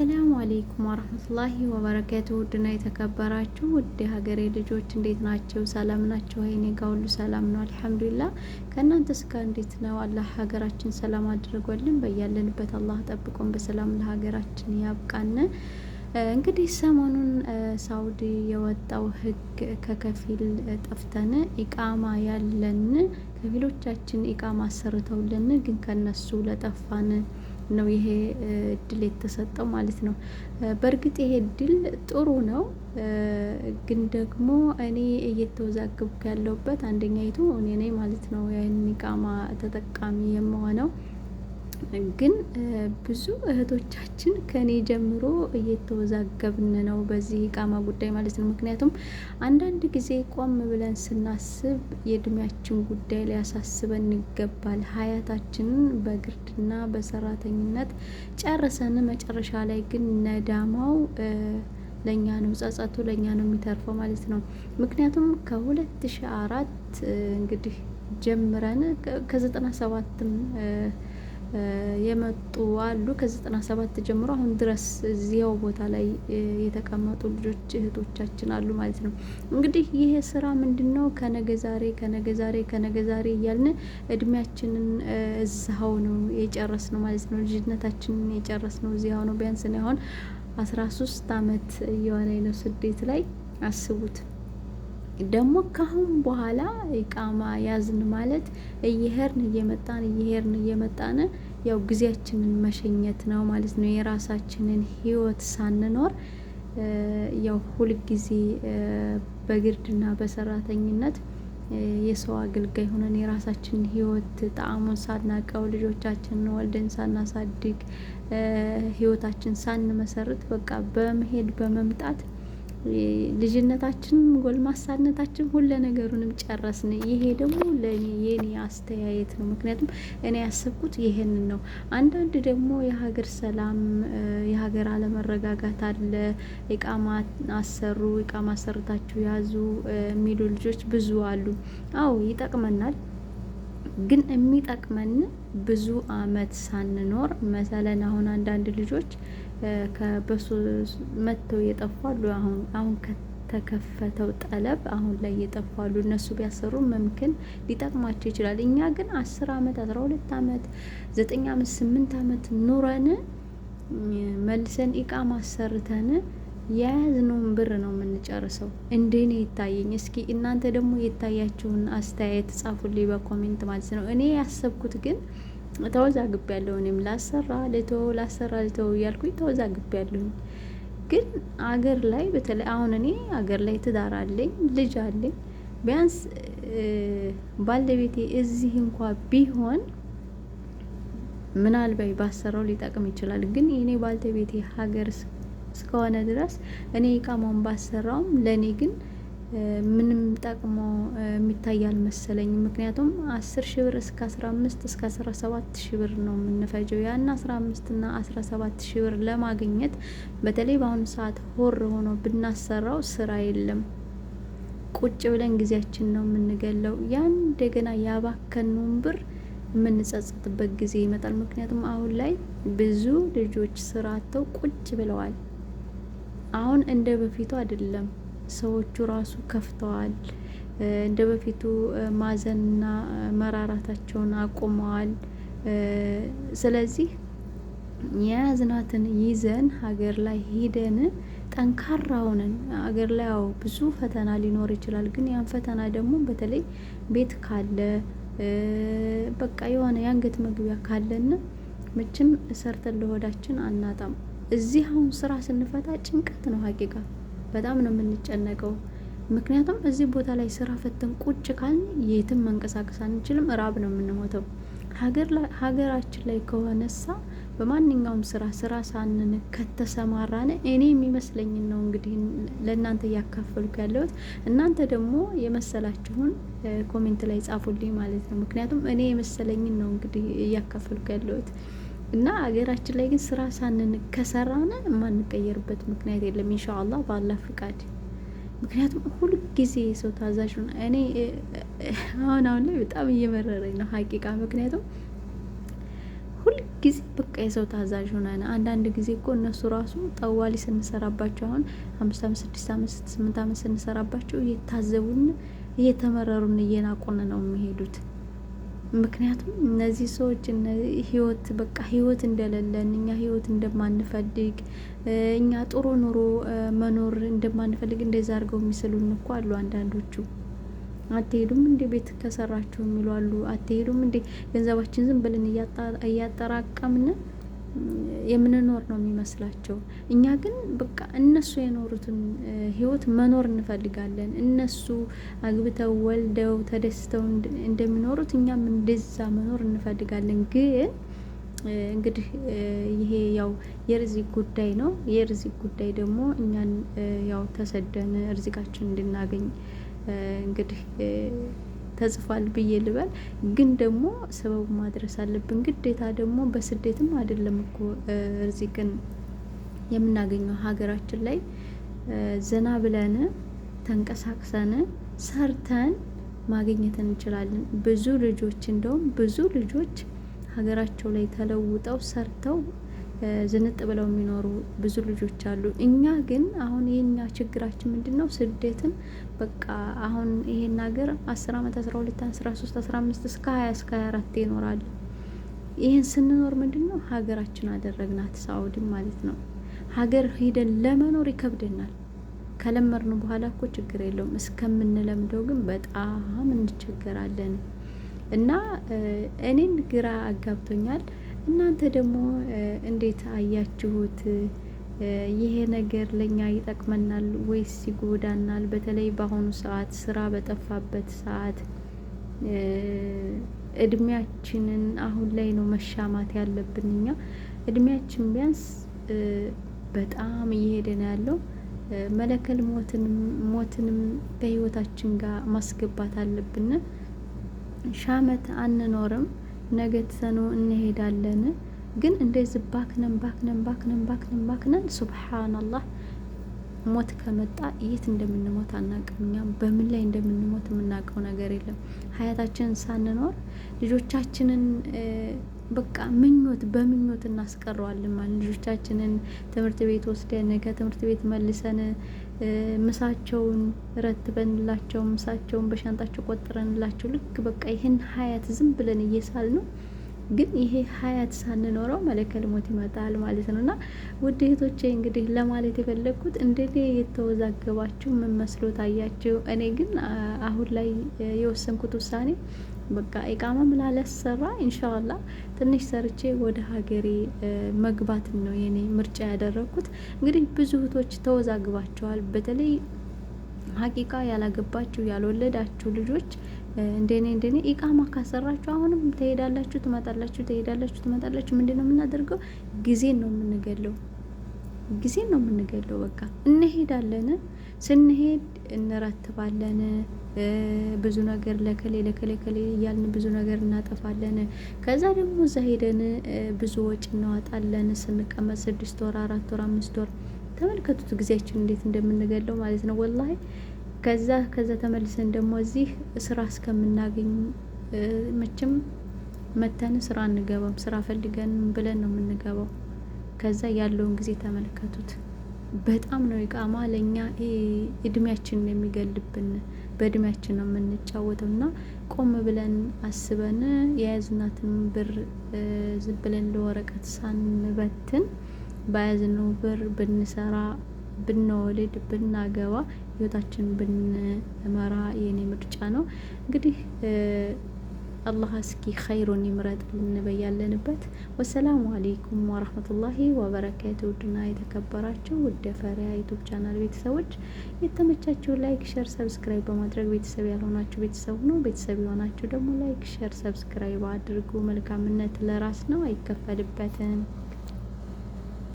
ሰላሙ አሌይኩም ወረህመቱላሂ ወበረከቱ። ውድና የተከበራችሁ ውድ ሀገሬ ልጆች እንዴት ናቸው? ሰላም ናቸው? ወይኔ ጋ ሁሉ ሰላም ነው አልሐምዱሊላ። ከእናንተ ስጋ እንዴት ነው? አላህ ሀገራችን ሰላም አድርጎልን በያለንበት አላህ ጠብቆን በሰላም ለሀገራችን ያብቃን። እንግዲህ ሰሞኑን ሳውዲ የወጣው ህግ ከከፊል ጠፍተን ኢቃማ ያለን ከፊሎቻችን ኢቃማ አሰርተውልን ግን ከነሱ ለጠፋን ነው ይሄ እድል የተሰጠው ማለት ነው። በእርግጥ ይሄ እድል ጥሩ ነው፣ ግን ደግሞ እኔ እየተወዛገብኩ ያለሁበት ይቱ እኔ ነኝ ማለት ነው። ያን ኢቃማ ተጠቃሚ የመሆነው ግን ብዙ እህቶቻችን ከኔ ጀምሮ እየተወዛገብን ነው በዚህ ኢቃማ ጉዳይ ማለት ነው። ምክንያቱም አንዳንድ ጊዜ ቆም ብለን ስናስብ የእድሜያችን ጉዳይ ሊያሳስበን ይገባል። ሀያታችንን በግርድና በሰራተኝነት ጨርሰን መጨረሻ ላይ ግን ነዳማው ለእኛ ነው፣ ጸጸቱ ለእኛ ነው የሚተርፈው ማለት ነው። ምክንያቱም ከሁለት ሺ አራት እንግዲህ ጀምረን ከዘጠና ሰባትም የመጡ አሉ ከዘጠና ሰባት ጀምሮ አሁን ድረስ እዚያው ቦታ ላይ የተቀመጡ ልጆች እህቶቻችን አሉ ማለት ነው። እንግዲህ ይሄ ስራ ምንድን ነው? ከነገ ዛሬ ከነገ ዛሬ ከነገ ዛሬ እያልን እድሜያችንን እዛው ነው የጨረስ ነው ማለት ነው። ልጅነታችንን የጨረስ ነው እዚያው ነው። ቢያንስ ነው አሁን አስራ ሶስት አመት እየሆነ ነው ስደት ላይ አስቡት። ደግሞ ካሁን በኋላ ኢቃማ ያዝን ማለት እየሄርን እየመጣን እየሄርን እየመጣን ያው ጊዜያችንን መሸኘት ነው ማለት ነው። የራሳችንን ህይወት ሳንኖር ያው ሁልጊዜ በግርድና በሰራተኝነት የሰው አገልጋይ ሆነን የራሳችንን ህይወት ጣዕሙን ሳናቀው ልጆቻችንን ወልደን ሳናሳድግ ህይወታችን ሳንመሰርት በቃ በመሄድ በመምጣት ልጅነታችንም ጎልማሳነታችን ሁለ ነገሩንም ጨረስን። ይሄ ደግሞ ለእኔ የኔ አስተያየት ነው። ምክንያቱም እኔ ያሰብኩት ይሄንን ነው። አንዳንድ ደግሞ የሀገር ሰላም የሀገር አለመረጋጋት አለ። እቃማ አሰሩ እቃማ አሰርታችሁ ያዙ የሚሉ ልጆች ብዙ አሉ። አዎ ይጠቅመናል ግን የሚጠቅመን ብዙ አመት ሳንኖር መሰለን። አሁን አንዳንድ ልጆች ከበሱ መጥተው የጠፋሉ። አሁን አሁን ከተከፈተው ጠለብ አሁን ላይ የጠፋሉ። እነሱ ቢያሰሩ መምክን ሊጠቅማቸው ይችላል። እኛ ግን አስር አመት አስራ ሁለት አመት ዘጠኝ አመት ስምንት አመት ኑረን መልሰን ኢቃማ አሰርተን የያዝነውን ብር ነው የምንጨርሰው። እንደኔ ይታየኝ። እስኪ እናንተ ደግሞ የታያችሁን አስተያየት ጻፉልኝ በኮሜንት ማለት ነው። እኔ ያሰብኩት ግን ተወዛግብ ያለው እኔም ላሰራ ልተው ላሰራ ልተው እያልኩኝ ተወዛግብ ያለሁኝ ግን አገር ላይ በተለይ አሁን እኔ አገር ላይ ትዳር አለኝ ልጅ አለኝ። ቢያንስ ባለቤቴ እዚህ እንኳ ቢሆን ምናልባት ባሰራው ሊጠቅም ይችላል። ግን የኔ ባለቤቴ ሀገር እስከሆነ ድረስ እኔ ኢቃማውን ባሰራውም ለእኔ ግን ምንም ጠቅሞ የሚታይ አልመሰለኝም። ምክንያቱም አስር ሺ ብር እስከ አስራ አምስት እስከ አስራ ሰባት ሺ ብር ነው የምንፈጀው። ያን አስራ አምስት ና አስራ ሰባት ሺ ብር ለማግኘት በተለይ በአሁኑ ሰዓት ሆር ሆኖ ብናሰራው ስራ የለም። ቁጭ ብለን ጊዜያችን ነው የምንገለው። ያን እንደገና ያባከኑን ብር የምንጸጸትበት ጊዜ ይመጣል። ምክንያቱም አሁን ላይ ብዙ ልጆች ስራ አጥተው ቁጭ ብለዋል። አሁን እንደ በፊቱ አይደለም። ሰዎቹ ራሱ ከፍተዋል። እንደ በፊቱ ማዘንና መራራታቸውን አቁመዋል። ስለዚህ የያዝናትን ይዘን ሀገር ላይ ሂደን ጠንካራ ሆነን ሀገር ላይ ያው ብዙ ፈተና ሊኖር ይችላል። ግን ያን ፈተና ደግሞ በተለይ ቤት ካለ በቃ የሆነ የአንገት መግቢያ ካለና መቼም ሰርተን ለሆዳችን አናጣም። እዚህ አሁን ስራ ስንፈታ ጭንቀት ነው ሀቂቃ በጣም ነው የምንጨነቀው። ምክንያቱም እዚህ ቦታ ላይ ስራ ፈተን ቁጭ ካልን የትም መንቀሳቀስ አንችልም፣ ራብ ነው የምንሞተው። ሀገራችን ላይ ከሆነሳ በማንኛውም ስራ ስራ ሳንን ከተሰማራን እኔ የሚመስለኝን ነው እንግዲህ ለእናንተ እያካፈልኩ ያለሁት። እናንተ ደግሞ የመሰላችሁን ኮሜንት ላይ ጻፉልኝ ማለት ነው። ምክንያቱም እኔ የመሰለኝን ነው እንግዲህ እያካፈልኩ ያለሁት። እና ሀገራችን ላይ ግን ስራ ሳንን ከሰራነ የማንቀየርበት ምክንያት የለም። ኢንሻአላ በአላህ ፍቃድ። ምክንያቱም ሁልጊዜ ሰው ታዛዥ ነው። እኔ አሁን አሁን ላይ በጣም እየመረረኝ ነው ሀቂቃ። ምክንያቱም ጊዜ በቃ የሰው ታዛዥ ሆነን አንዳንድ ጊዜ እኮ እነሱ ራሱ ጠዋሊ ስንሰራባቸው አሁን አምስት አምስት ስድስት አምስት ስምንት አመት ስንሰራባቸው እየታዘቡን እየተመረሩን እየናቁን ነው የሚሄዱት። ምክንያቱም እነዚህ ሰዎች ህይወት በቃ ህይወት እንደሌለን እኛ ህይወት እንደማንፈልግ እኛ ጥሩ ኑሮ መኖር እንደማንፈልግ እንደዛ አድርገው የሚስሉን እኮ አሉ አንዳንዶቹ። አትሄዱም እንዴ ቤት ከሰራችሁ የሚሉ አሉ። አትሄዱም እንዴ ገንዘባችን ዝም ብለን እያጠራቀምን የምንኖር ነው የሚመስላቸው። እኛ ግን በቃ እነሱ የኖሩትን ህይወት መኖር እንፈልጋለን። እነሱ አግብተው ወልደው ተደስተው እንደሚኖሩት እኛም እንደዛ መኖር እንፈልጋለን። ግን እንግዲህ ይሄ ያው የርዚቅ ጉዳይ ነው። የርዚቅ ጉዳይ ደግሞ እኛን ያው ተሰደን እርዚቃችን እንድናገኝ እንግዲህ ተጽፏል ብዬ ልበል። ግን ደግሞ ሰበቡ ማድረስ አለብን ግዴታ። ደግሞ በስደትም አይደለም እኮ ርዚቅን የምናገኘው ሀገራችን ላይ ዘና ብለን ተንቀሳቅሰን ሰርተን ማግኘት እንችላለን። ብዙ ልጆች እንደውም ብዙ ልጆች ሀገራቸው ላይ ተለውጠው ሰርተው ዝንጥ ብለው የሚኖሩ ብዙ ልጆች አሉ። እኛ ግን አሁን የኛ ችግራችን ምንድን ነው? ስደትን በቃ አሁን ይሄን ሀገር አስር አመት አስራ ሁለት አስራ ሶስት አስራ አምስት እስከ ሀያ እስከ ሀያ አራት ይኖራል። ይህን ስንኖር ምንድን ነው ሀገራችን አደረግናት፣ ሳውዲም ማለት ነው። ሀገር ሂደን ለመኖር ይከብደናል። ከለመርን በኋላ እኮ ችግር የለውም። እስከምንለምደው ግን በጣም እንቸገራለን እና እኔን ግራ አጋብቶኛል። እናንተ ደግሞ እንዴት አያችሁት? ይሄ ነገር ለኛ ይጠቅመናል ወይስ ይጎዳናል? በተለይ በአሁኑ ሰዓት ስራ በጠፋበት ሰዓት እድሜያችንን አሁን ላይ ነው መሻማት ያለብን። እኛ እድሜያችን ቢያንስ በጣም እየሄደ ነው ያለው። መለከል ሞትንም ከህይወታችን ጋር ማስገባት አለብን። ሻመት አንኖርም። ነገ ትሰኑ እንሄዳለን። ግን እንደዚህ ባክነን ባክነን ባክነን ባክነን ባክነን ሱብሓናላህ ሞት ከመጣ የት እንደምንሞት አናውቅም። እኛም በምን ላይ እንደምንሞት የምናውቀው ነገር የለም። ሀያታችንን ሳንኖር ልጆቻችንን በቃ ምኞት በምኞት እናስቀረዋለን ማለት ልጆቻችንን ትምህርት ቤት ወስደን ከትምህርት ቤት መልሰን ምሳቸውን ረትበንላቸው ምሳቸውን በሻንጣቸው ቆጥረንላቸው ልክ በቃ ይህን ሀያት ዝም ብለን እየሳል ነው ግን ይሄ ሀያት ሳንኖረው መለከል ሞት ይመጣል ማለት ነው። እና ውድ እህቶቼ እንግዲህ ለማለት የፈለግኩት እንደኔ የተወዛገባችሁ ምን መስሎ ታያችሁ? እኔ ግን አሁን ላይ የወሰንኩት ውሳኔ በቃ ኢቃማ ምላላሰራ ኢንሻአላ ትንሽ ሰርቼ ወደ ሀገሬ መግባት ነው የኔ ምርጫ ያደረኩት። እንግዲህ ብዙ እህቶች ተወዛግባቸዋል። በተለይ ሀቂቃ ያላገባችሁ ያልወለዳችሁ ልጆች እንደኔ እንደኔ ኢቃማ ካሰራችሁ አሁንም ትሄዳላችሁ፣ ትመጣላችሁ፣ ትሄዳላችሁ፣ ትመጣላችሁ። ምንድን ነው የምናደርገው? ጊዜን ነው የምንገለው። ጊዜ ነው የምንገለው። በቃ እንሄዳለን፣ ስንሄድ እንረትባለን፣ ብዙ ነገር ለከሌ ለከሌ ከሌ እያልን ብዙ ነገር እናጠፋለን። ከዛ ደግሞ እዛ ሄደን ብዙ ወጪ እናወጣለን። ስንቀመጥ ስድስት ወር፣ አራት ወር፣ አምስት ወር ተመልከቱት ጊዜያችን እንዴት እንደምንገለው ማለት ነው ወላሂ ከዛ ከዛ ተመልሰን ደግሞ እዚህ ስራ እስከምናገኝ መቼም መተን ስራ አንገባም። ስራ ፈልገን ብለን ነው የምንገባው። ከዛ ያለውን ጊዜ ተመልከቱት። በጣም ነው ይቃማ ለእኛ እድሜያችን የሚገልብን በእድሜያችን ነው የምንጫወተው እና ቆም ብለን አስበን የያዝናትን ብር ዝም ብለን ለወረቀት ሳንበትን በያዝነው ብር ብንሰራ ብንወልድ ብናገባ ህይወታችን ብንመራ የኔ ምርጫ ነው እንግዲህ አላህ እስኪ ኸይሩን ይምረጥልን በያለንበት። ወሰላሙ አሌይኩም ወረህመቱላሂ ወበረካቱ። ውድና የተከበራችሁ ውድ ፈሪያ ዩቱብ ቻናል ቤተሰቦች የተመቻችሁ ላይክ፣ ሸር፣ ሰብስክራይብ በማድረግ ቤተሰብ ያልሆናችሁ ቤተሰብ ነው። ቤተሰብ የሆናችሁ ደግሞ ላይክ፣ ሸር፣ ሰብስክራይብ አድርጉ። መልካምነት ለራስ ነው፣ አይከፈልበትም።